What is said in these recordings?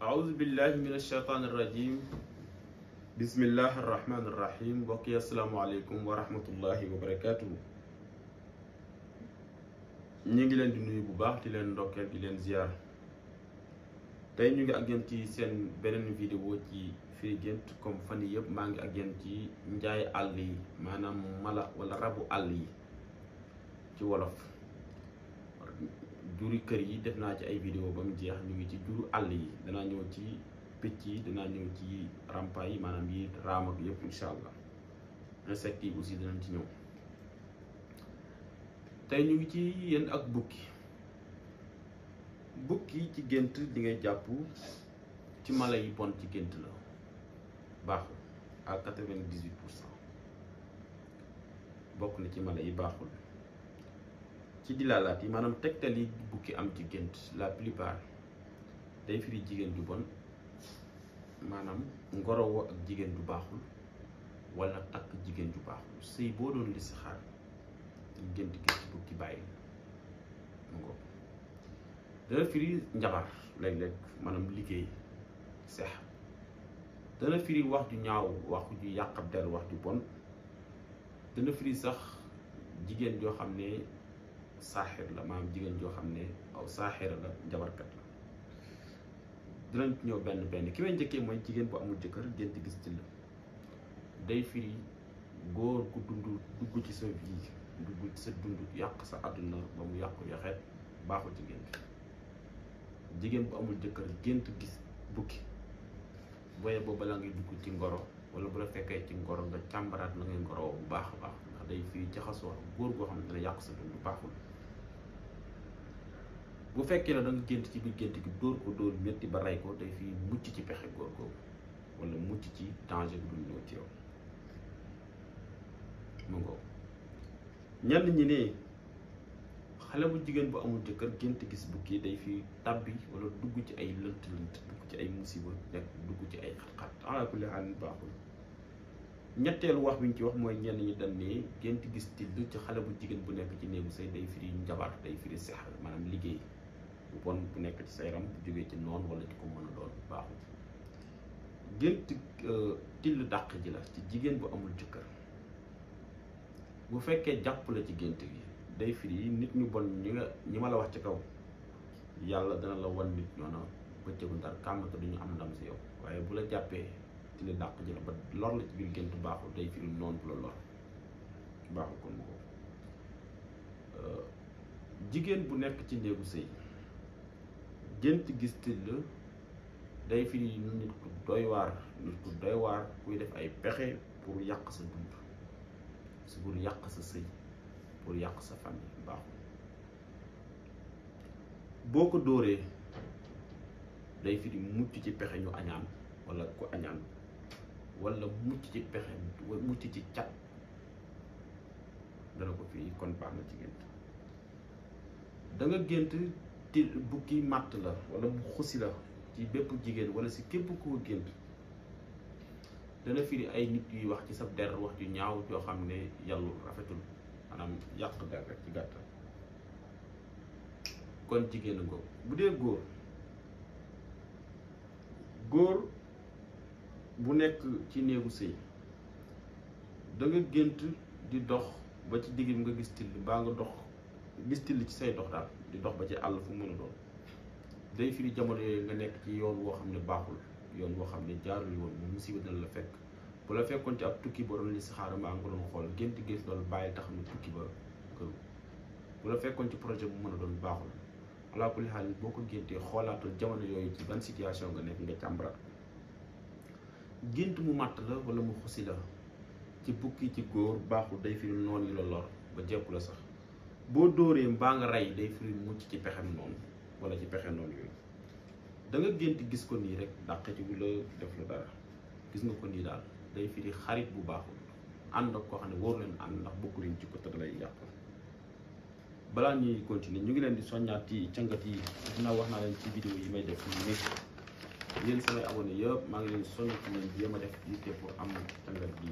aouzu billahi min ashaytaan irrajim bismillahi arrahman irrahim mbokk yi asalaamaaleykum wa rahmatullahi wa barakatuhu ñu ngi leen di nuyu bu baax di leen ndokkeel di leen ziar tey ñu ngi ak yéen ci seen beneen video ci firi gént comme fan yëpp maa ngi ak yéen ci njaay àll yi maanaam mala wala rabu àll yi ci wolof juri kër yi def naa ci ay vidéo ba mu jeex ñu ngi ci juru àll yi danaa ñëw ci picc yi danaa ñëw ci rampa yi maanaam yi raam ak yëpp incha allah set yi aussi dinañ ci ñëw tey ñu ngi ci yéen ak bukki bukki ci gént di jàpp ci mala yi bon ci gént la baaxul à quatre-vingt-dix-huit pour cent bokk na ci mala yi baaxul ci dilaalaat yi maanaam tegtal yi bukki am ci gént la plupart day firi jigéen ju bon maanaam ngorowoo ak jigéen ju baaxul wala takk jigéen ju baaxul sëy boo doon listixaar gént gis bukki bàyyi mu ngo dana firi njabar léeg-léeg maanaam liggéey seex dana firi wax ju ñaaw wax ju yàqab der wax ju bon dana firi sax jigéen joo xam ne saaxir la maanaam jigéen joo xam ne aw saaxira la jabarkat la dinañ ñëw benn benn ki may njëkkee mooy jigéen bu amul jëkkër gént gis ci day firi góor gu dund dugg ci sa ci sa yàq sa àdduna ba mu yàqu yaxet baaxu jigéen bi jigéen bu amul jëkkër gént gis bukki booyee booba la ngay dugg ci ngoro wala bu la fekkee ci ngoro nga càmbaraat na ngay ngoro bu baax a baax day fi jaxasoo ak góor goo xam ne dina yàq sa dund baaxul bu fekkee la da nga gént ci biir gént gi dóor ko dóor métti ba rey ko day fi mucc ci pexe góor googu wala mucc ci danger bi dul ñëw ci yow mu ñi ne xale bu jigéen bu amul jëkkër gént gis bukki day fii tàbbi wala dugg ci ay lënt lënt dugg ci ay musiba nekk dugg ci ay xat-xat ala kulli xaal baaxul ñetteelu wax bi ñu ci wax mooy ñenn ñi dañ ne gént gis tidd ci xale bu jigéen bu nekk ci néegu say day firi njabar day firi sex maanaam liggéey bu bon bu nekk ci sa yaram bu jógee ci noonu wala ci ko mën a doon baaxul gént euh, till dàq ji la ci jigéen bu amul jëkkër bu fekkee jàpp la ci gént gi day firi nit ñu bon ñi nga ñi ma la wax ci kaw yàlla dana la wan nit ñoo na bëccëgu ndar kàmm duñu am ndam si yow waaye bu la jàppee di la dàq ji la ba lor la ci gént baaxul day firi noonu bu la lor baaxul kon ko euh, jigéen bu nekk ci néegu sëy gént gis tëdd day firi nit ku doy waar nit ku doy waar kuy def ay pexe pour yàq sa dund si pour yàq sa sëy pour yàq sa famille baaxul boo ko dóoree day firi mucc ci pexe ñu añaan walla ku añaan wala mucc ci pexe mucc ci cat dana ko fi kon baax na ci gént da nga gént te bukki màtt la walla bu xusi la ci bépp jigéen wala si képp koo gént dana firi ay nit yuy wax ci sa der wax yu ñaaw joo xam ne yàllu rafetul maanaam yàq der rek ci gàttal kon jigéenu góor bu dee góor góor bu nekk ci néegu sëy da gént di dox ba ci digg bi nga gis till baa nga dox gis till ci say dox daal di dox ba ci àll fu mu a doon day firi jamono yooyu nga nekk ci yoon woo xam ne baaxul yoon woo xam ne jaarul yoon mu musiba dana la fekk bu la fekkoon ci ab tukki ba doon li saxaara maa nga doon xool gént gis doon bàyyi tax na tukki ba këru bu la fekkoon ci projet bu mën doon baaxul alaa kulli xaal boo ko géntee xoolaatul jamono yooyu ci ban situation nga nekk nga gént mu màtt la wala mu xusi la ci bukki ci góor baaxul day firi noon yi la lor ba jekku la sax boo dóoree mbaa nga rey day firi mucc ci pexem noonu wala ci pexe noonu yooyu da gént gis ko nii rek dàq ci wula def la dara gis nga ko nii daal day firi xarit bu baaxul ànd ak ko xam ne waru leen ànd ndax bokku leen ci ko te dalay yàq balaa ñuy continuer ñu ngi leen di soññaat yi cangat yi dina wax naa leen ci vidéo yi may def nii yéen samay abonné yëpp maa ngi leen soññ jéem a def yitte pour am cangat bi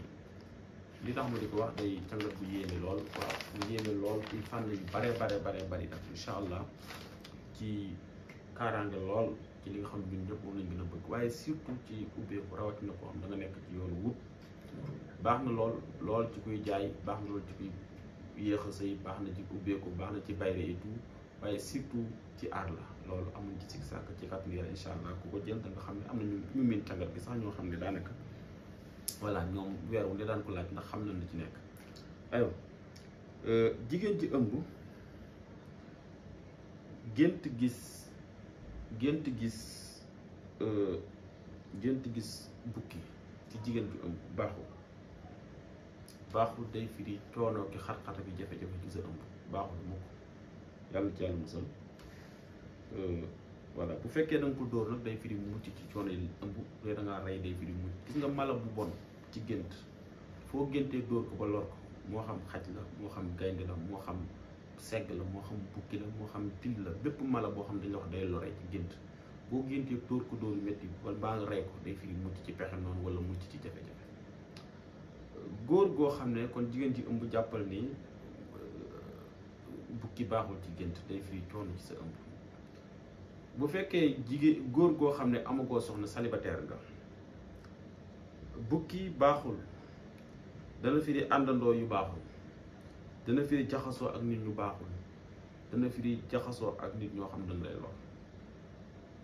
li tax ma di ko wax day cangat bu yéeme lool waaw bu yéeme lool ci fànn yu bare bare bare bari nag incha allah ci kaaraange lool ci li nga xam ne ñun moom lañ gën a bëgg waaye surtout ci ubbeeku rawatina ko am da nekk ci yoonu wut baax na lool lool ci kuy jaay baax na lool ci kuy yéex a sëy baax na ci ubbeeku baax na ci bayre et tout waaye surtout ci aar la loolu amuñ ci sig sàkk ci kàttan yàlla incha allah ku ko jël nga xam ne am na ñu ñu miin càngat bi sax ñoo xam ne daanaka voilà ñoom weer wu ne daan ko laaj ndax xam nañ na ci nekk aywa euh, jigéen ji ëmb gént gis gént gis euh, gént gis bukki ci jigéen bi ëmb baaxul baaxul day firi coono ki xar-xar bi jafe-jafe ci sa ëmb baaxul mukk yàlla ci yàlla musal euh, voilà bu fekkee da nga ko dóor nag day firi mucc ci coono yi ëmb day da ngaa rey day firi mucc gis nga mala bu bon ci gént foo géntee dóor ko ba lor ko moo xam xaj la moo xam gaynde la moo xam segg la moo xam bukki la moo xam till la bépp mala boo xam dañ la wax day lore ci gént boo géntee dóor ko dóor métti wala baa nga rey ko day firi mucc ci pexe noonu wala mucc ci jafe-jafe góor goo xam ne kon jigéen ji ëmb jàppal nii bukki baaxul ci gént day firi coono ci sa ëmb bu fekkee jigéen góor goo xam ne amagoo soxna célibataire nga bukki baaxul dana firi àndandoo yu baaxul dana firi jaxasoo ak nit ñu baaxul dana firi jaxasoo ak nit ñoo xam ne lay lor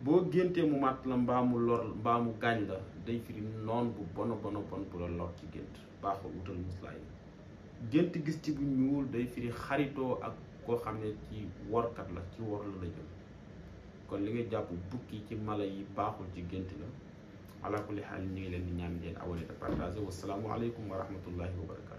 boo géntee mu màtt la mbaa mu lor mbaa mu gaañ la day firi noon bu bono bono bu la lor ci gént baaxul wutal muslaay gént gis ci bu ñuul day firi xaritoo ak koo xam ne ci workat la ci wor la la jëm kon li nga jàpp bukki ci mala yi baaxul ci gént la ala kulli xaal ñu ngi leen di ñaan ngeen abonné te partagé wasalaamualeykum wa rahmatullahi wa barakatu